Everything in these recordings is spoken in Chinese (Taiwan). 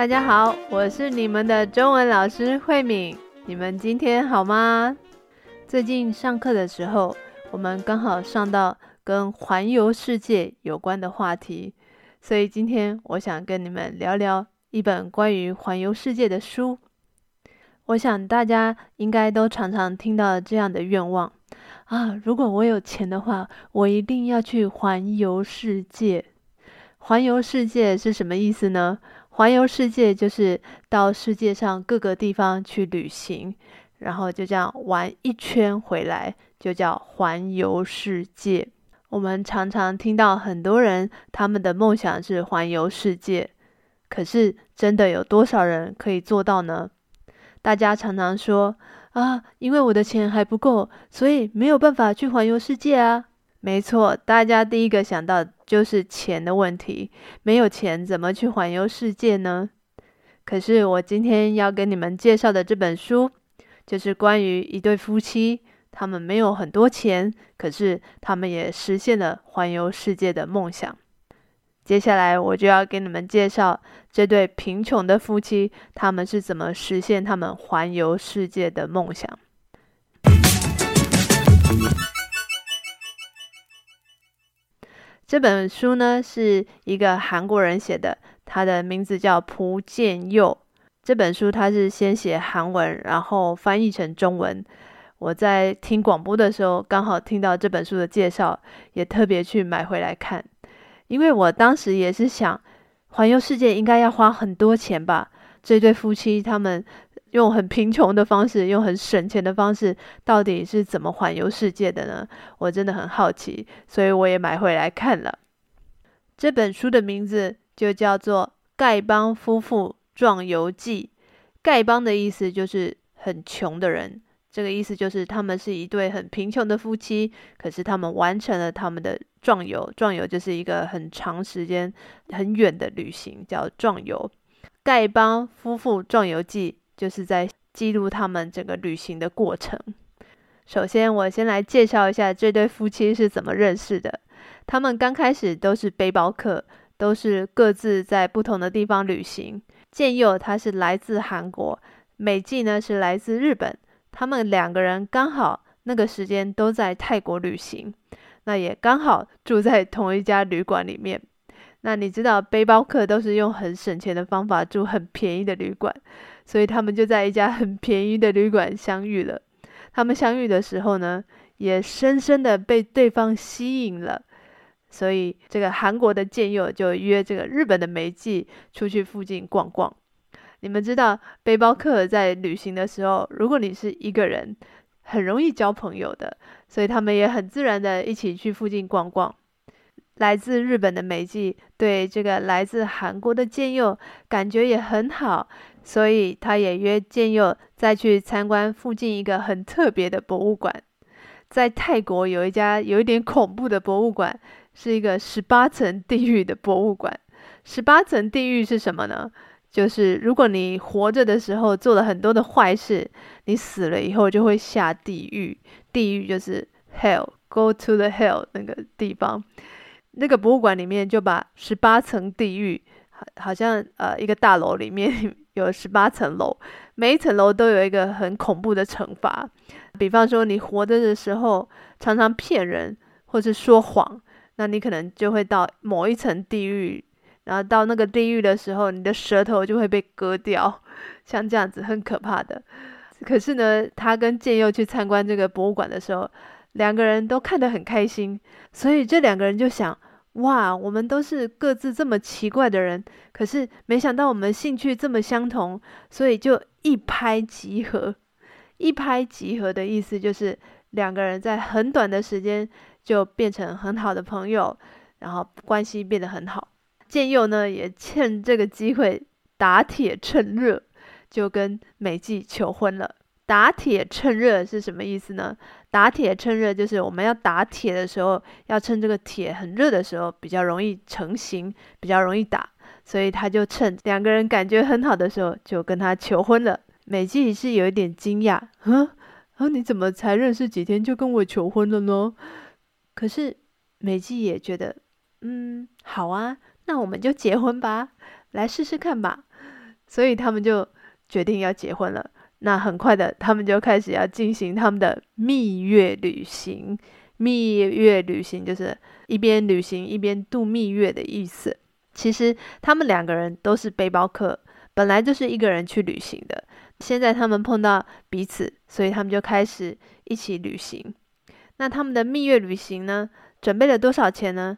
大家好，我是你們的中文老師慧敏。你們今天好嗎？最近上課的時候，我們剛好上到跟環遊世界有關的話題，所以今天我想跟你們聊聊一本關於環遊世界的書。我想大家應該都常常聽到這樣的願望啊：如果我有錢的話，我一定要去環遊世界。環遊世界是什麼意思呢？環遊世界就是到世界上各個地方去旅行，然後就這樣玩一圈回來，就叫環遊世界。我們常常聽到很多人他們的夢想是環遊世界，可是真的有多少人可以做到呢？大家常常說啊，因爲我的錢還不夠，所以沒有辦法去環遊世界啊。沒錯，大家第一個想到就是錢的問題，沒有錢怎麼去環遊世界呢？可是我今天要給你們介紹的這本書，就是關於一對夫妻，他們沒有很多錢，可是他們也實現了環遊世界的夢想。接下來我就要給你們介紹這對貧窮的夫妻，他們是怎麼實現他們環遊世界的夢想。 這本書呢是一個韓國人寫的，他的名字叫朴建佑。這本書他是先寫韓文，然後翻譯成中文。我在聽廣播的時候，剛好聽到這本書的介紹，也特別去買回來看。因為我當時也是想，環遊世界應該要花很多錢吧？這對夫妻他們。用很貧窮的方式，用很省錢的方式，到底是怎麼環遊世界的呢？我真的很好奇，所以我也買回來看了。這本書的名字就叫做《丐幫夫婦壯遊記》。丐幫的意思就是很窮的人，這個意思就是他們是一對很貧窮的夫妻，可是他們完成了他們的壯遊。壯遊就是一個很長時間、很遠的旅行，叫壯遊。《丐幫夫婦壯遊記》。就是在記錄他們整個旅行的過程。首先，我先來介紹一下這對夫妻是怎麼認識的。他們剛開始都是背包客，都是各自在不同的地方旅行。建佑他是來自韓國，美紀呢是來自日本。他們兩個人剛好那個時間都在泰國旅行，那也剛好住在同一家旅館裡面。那你知道背包客都是用很省錢的方法住很便宜的旅館。所以他們就在一家很便宜的旅館相遇了。他們相遇的時候呢，也深深的被對方吸引了。所以這個韓國的建佑就約這個日本的美紀出去附近逛逛。你們知道背包客在旅行的時候，如果你是一個人，很容易交朋友的。所以他們也很自然的一起去附近逛逛。來自日本的美紀對這個來自韓國的建佑感覺也很好。所以他也約建佑再去參觀附近一個很特別的博物館，在泰國有一家有一點恐怖的博物館，是一個十八層地獄的博物館。十八層地獄是什麼呢？就是如果你活着的時候做了很多的壞事，你死了以後就會下地獄。地獄就是 hell，go to the hell 那個地方。那個博物館裡面就把十八層地獄，好，好像呃一個大樓裡面。有十八層樓，每一層樓都有一個很恐怖的懲罰。比方說，你活着的時候常常騙人或是說謊，那你可能就會到某一層地獄。然後到那個地獄的時候，你的舌頭就會被割掉，像這樣子，很可怕的。可是呢，他跟建佑去參觀這個博物館的時候，兩個人都看得很開心，所以這兩個人就想。哇，我們都是各自這麼奇怪的人，可是沒想到我們興趣這麼相同，所以就一拍即合。一拍即合的意思就是兩個人在很短的時間就變成很好的朋友，然後關係變得很好。建佑呢，也趁這個機會打鐵趁熱，就跟美紀求婚了。打鐵趁熱是什麼意思呢？打鐵趁熱就是我們要打鐵的時候，要趁這個鐵很熱的時候，比較容易成型，比較容易打。所以他就趁兩個人感覺很好的時候，就跟他求婚了。美姬也是有一點驚訝，哼、啊，然、啊、後你怎麼才認識幾天就跟我求婚了呢？可是美姬也覺得，嗯，好啊，那我們就結婚吧，來試試看吧。所以他們就決定要結婚了。那很快的，他們就開始要進行他們的蜜月旅行。蜜月旅行就是一邊旅行一邊度蜜月的意思。其實他們兩個人都是背包客，本來就是一個人去旅行的。現在他們碰到彼此，所以他們就開始一起旅行。那他們的蜜月旅行呢，準備了多少錢呢？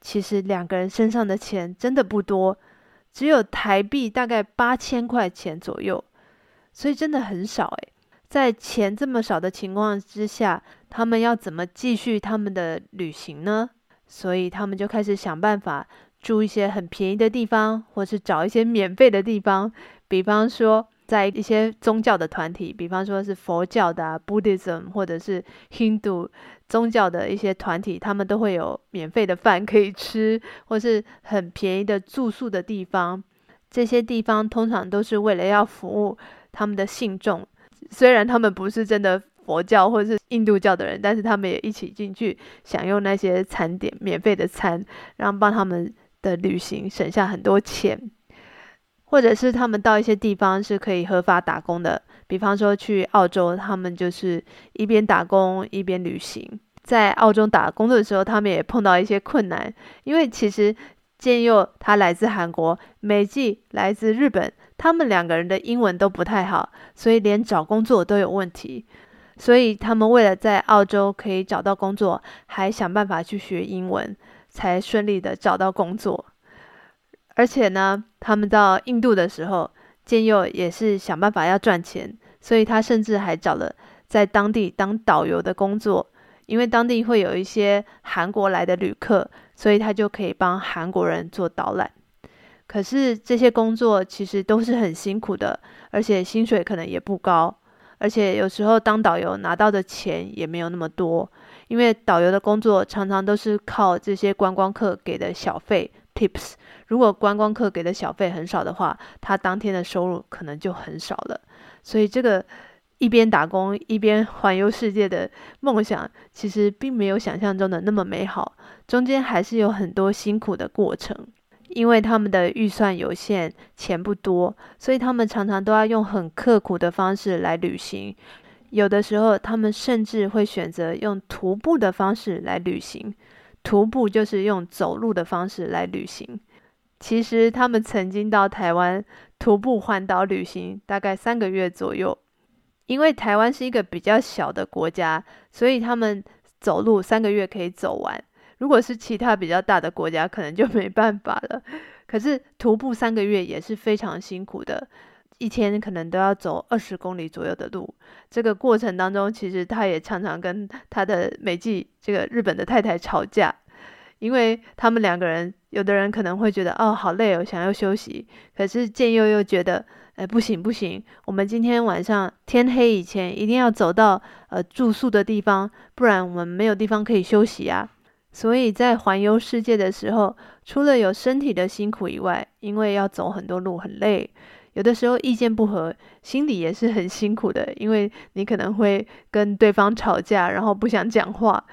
其實兩個人身上的錢真的不多，只有台幣大概八千塊錢左右。所以真的很少誒，在錢這麼少的情況之下，他們要怎麼繼續他們的旅行呢？所以他們就開始想辦法住一些很便宜的地方，或是找一些免費的地方。比方說，在一些宗教的團體，比方說是佛教的啊，Buddhism 或者是 Hindu 宗教的一些團體，他們都會有免費的飯可以吃，或是很便宜的住宿的地方。這些地方通常都是為了要服務。他們的信眾，雖然他們不是真的佛教或者是印度教的人，但是他們也一起進去享用那些餐點，免費的餐，然後幫他們的旅行省下很多錢，或者是他們到一些地方是可以合法打工的，比方說去澳洲，他們就是一邊打工一邊旅行。在澳洲打工的時候，他們也碰到一些困難，因為其實建佑他來自韓國，美紀來自日本。他們兩個人的英文都不太好，所以連找工作都有問題。所以他們為了在澳洲可以找到工作，還想辦法去學英文，才順利的找到工作。而且呢，他們到印度的時候，建佑也是想辦法要賺錢，所以他甚至還找了在當地當導遊的工作，因為當地會有一些韓國來的旅客，所以他就可以幫韓國人做導覽。可是這些工作其實都是很辛苦的，而且薪水可能也不高，而且有時候當導遊拿到的錢也沒有那麼多，因為導遊的工作常常都是靠這些觀光客給的小費 tips。如果觀光客給的小費很少的話，他當天的收入可能就很少了。所以這個一邊打工一邊環遊世界的夢想，其實並沒有想象中的那麼美好，中間還是有很多辛苦的過程。因為他們的預算有限，錢不多，所以他們常常都要用很刻苦的方式來旅行。有的時候，他們甚至會選擇用徒步的方式來旅行。徒步就是用走路的方式來旅行。其實，他們曾經到台灣徒步環島旅行，大概三個月左右。因為台灣是一個比較小的國家，所以他們走路三個月可以走完。如果是其他比較大的國家，可能就沒辦法了。可是徒步三個月也是非常辛苦的，一天可能都要走二十公里左右的路。這個過程當中，其實他也常常跟他的美紀這個日本的太太吵架，因為他們兩個人，有的人可能會覺得，哦，好累哦，想要休息，可是健佑又覺得，哎，不行不行，我們今天晚上天黑以前一定要走到呃住宿的地方，不然我們沒有地方可以休息啊。所以在環遊世界的時候，除了有身體的辛苦以外，因為要走很多路，很累，有的時候意見不合，心裡也是很辛苦的，因為你可能會跟對方吵架，然後不想講話。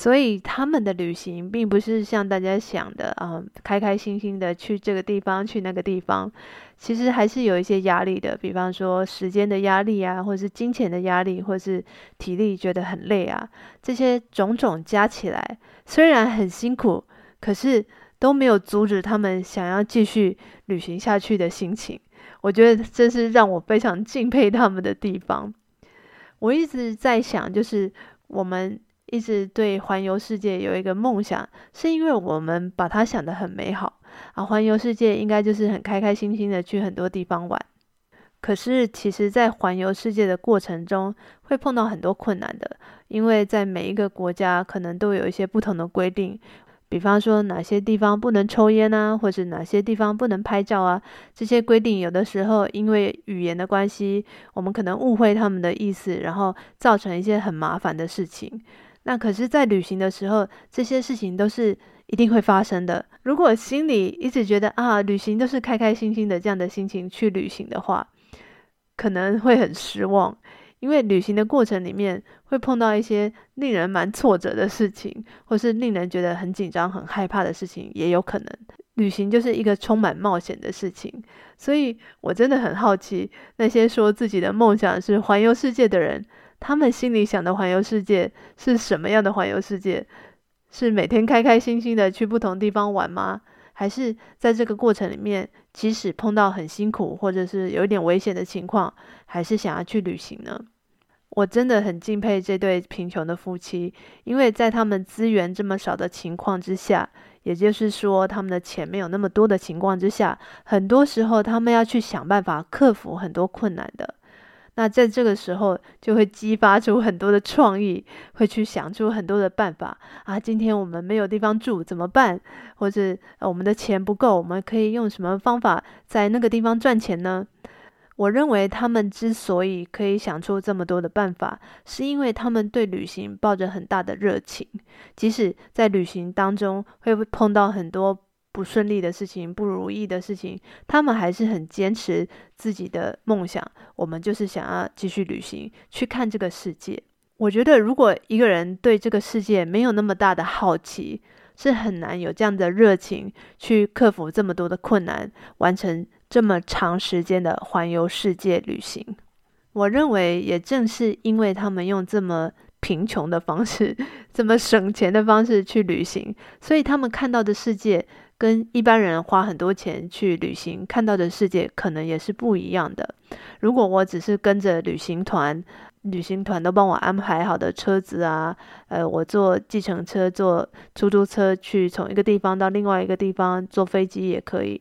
所以他們的旅行並不是像大家想的啊，開開心心的去這個地方，去那個地方，其實還是有一些壓力的。比方說時間的壓力啊，或是金錢的壓力，或是體力覺得很累啊，這些種種加起來，雖然很辛苦，可是都沒有阻止他們想要繼續旅行下去的心情。我覺得這是讓我非常敬佩他們的地方。我一直在想，就是我們。一直對環遊世界有一個夢想，是因為我們把它想得很美好而，啊，環遊世界應該就是很開開心心的去很多地方玩。可是，其實，在環遊世界的過程中，會碰到很多困難的。因為在每一個國家，可能都有一些不同的規定，比方說哪些地方不能抽菸啊，或者是哪些地方不能拍照啊。這些規定有的時候因為語言的關係，我們可能誤會他們的意思，然後造成一些很麻煩的事情。但可是，在旅行的時候，這些事情都是一定會發生的。如果心裡一直覺得啊，旅行都是開開心心的這樣的心情去旅行的話，可能會很失望，因為旅行的過程裡面會碰到一些令人蠻挫折的事情，或是令人覺得很緊張、很害怕的事情，也有可能。旅行就是一個充滿冒險的事情，所以我真的很好奇，那些說自己的夢想是環遊世界的人。他們心裡想的環遊世界是什麼樣的環遊世界？是每天開開心心的去不同地方玩嗎？還是在這個過程裡面，即使碰到很辛苦或者是有一點危險的情況，還是想要去旅行呢？我真的很敬佩這對貧窮的夫妻，因為在他們資源這麼少的情況之下，也就是說他們的錢沒有那麼多的情況之下，很多時候他們要去想辦法克服很多困難的。那在這個時候，就會激發出很多的創意，會去想出很多的辦法啊！今天我們沒有地方住，怎麼辦？或者，啊，我們的錢不夠，我們可以用什麼方法在那個地方賺錢呢？我認為他們之所以可以想出這麼多的辦法，是因為他們對旅行抱着很大的熱情，即使在旅行當中會碰到很多，不順利的事情，不如意的事情，他們還是很堅持自己的夢想。我們就是想要繼續旅行，去看這個世界。我覺得，如果一個人對這個世界沒有那麼大的好奇，是很難有這樣的熱情去克服這麼多的困難，完成這麼長時間的環遊世界旅行。我認為，也正是因為他們用這麼貧窮的方式，這麼省錢的方式去旅行，所以他們看到的世界。跟一般人花很多錢去旅行，看到的世界可能也是不一樣的。如果我只是跟着旅行團，旅行團都幫我安排好的車子啊，呃，我坐計程車、坐出租車去從一個地方到另外一個地方，坐飛機也可以，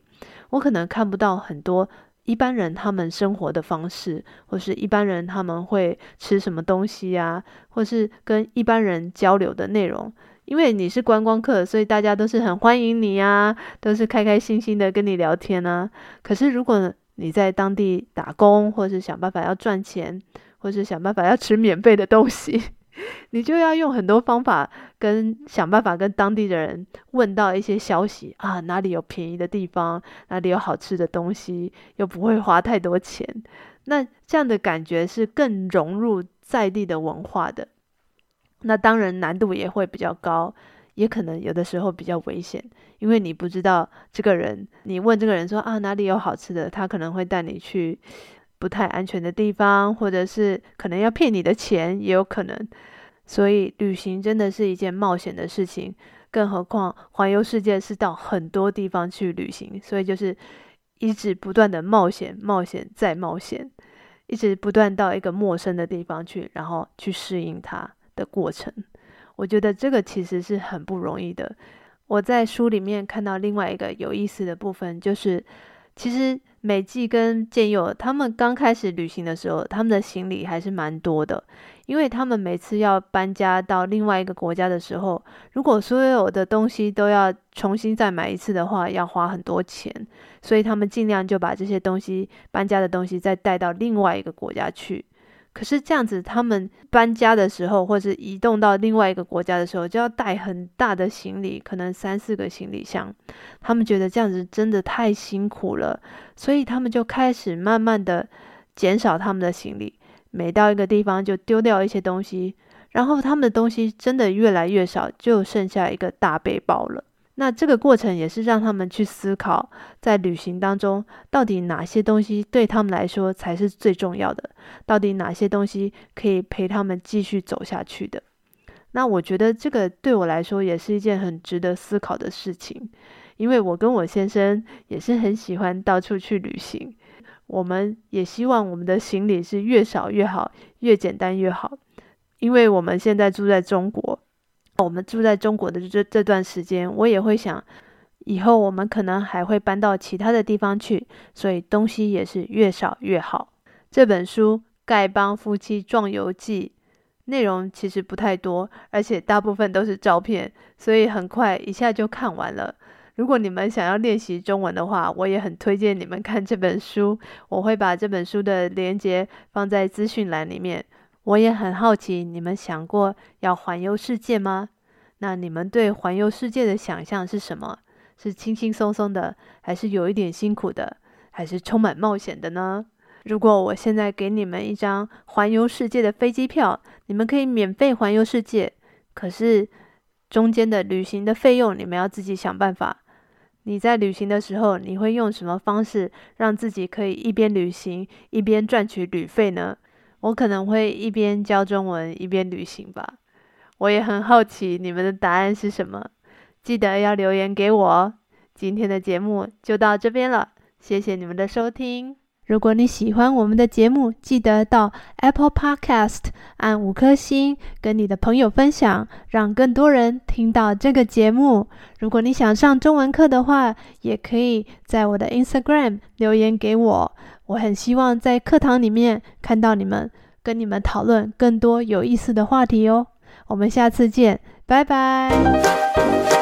我可能看不到很多一般人他們生活的方式，或是一般人他們會吃什麼東西呀、啊，或是跟一般人交流的內容。因為你是觀光客，所以大家都是很歡迎你啊，都是開開心心的跟你聊天啊。可是如果你在當地打工，或是想辦法要賺錢，或是想辦法要吃免費的東西，你就要用很多方法跟想辦法跟當地的人問到一些消息啊，哪裡有便宜的地方，哪裡有好吃的東西，又不會花太多錢。那這樣的感覺是更融入在地的文化的。那當然難度也會比較高，也可能有的時候比較危險，因為你不知道這個人，你問這個人說啊哪裡有好吃的，他可能會帶你去不太安全的地方，或者是可能要騙你的錢也有可能。所以旅行真的是一件冒險的事情，更何況環遊世界是到很多地方去旅行，所以就是一直不斷的冒險、冒險再冒險，一直不斷到一個陌生的地方去，然後去適應它的過程，我覺得這個其實是很不容易的。我在書裡面看到另外一個有意思的部分，就是其實美紀跟建友他們剛開始旅行的時候，他們的行李還是蠻多的，因為他們每次要搬家到另外一個國家的時候，如果所有的東西都要重新再買一次的話，要花很多錢，所以他們盡量就把這些東西搬家的東西再帶到另外一個國家去。可是這樣子，他們搬家的時候，或是移動到另外一個國家的時候，就要帶很大的行李，可能三四個行李箱。他們覺得這樣子真的太辛苦了，所以他們就開始慢慢的減少他們的行李，每到一個地方就丟掉一些東西，然後他們的東西真的越來越少，就剩下一個大背包了。那這個過程也是讓他們去思考，在旅行當中，到底哪些東西對他們來說才是最重要的，到底哪些東西可以陪他們繼續走下去的。那我覺得這個對我來說也是一件很值得思考的事情，因為我跟我先生也是很喜歡到處去旅行，我們也希望我們的行李是越少越好，越簡單越好，因為我們現在住在中國。我們住在中國的這這段時間，我也會想，以後我們可能還會搬到其他的地方去，所以東西也是越少越好。這本書《丐幫夫妻壯遊記》內容其實不太多，而且大部分都是照片，所以很快一下就看完了。如果你們想要練習中文的話，我也很推薦你們看這本書。我會把這本書的連結放在資訊欄裡面。我也很好奇，你們想過要環遊世界嗎？那你們對環遊世界的想象是什麼？是輕輕鬆鬆的，還是有一點辛苦的，還是充滿冒險的呢？如果我現在給你們一張環遊世界的飛機票，你們可以免費環遊世界，可是中間的旅行的費用你們要自己想辦法。你在旅行的時候，你會用什麼方式讓自己可以一邊旅行一邊賺取旅費呢？我可能會一邊教中文一邊旅行吧。我也很好奇你們的答案是什麼，記得要留言給我。今天的節目就到這邊了，謝謝你們的收聽。如果你喜歡我們的節目，記得到 Apple Podcast 按五顆星，跟你的朋友分享，讓更多人聽到這個節目。如果你想上中文課的話，也可以在我的 Instagram 留言給我。我很希望在課堂裡面看到你們，跟你們討論更多有意思的話題哦。我們下次見，拜拜。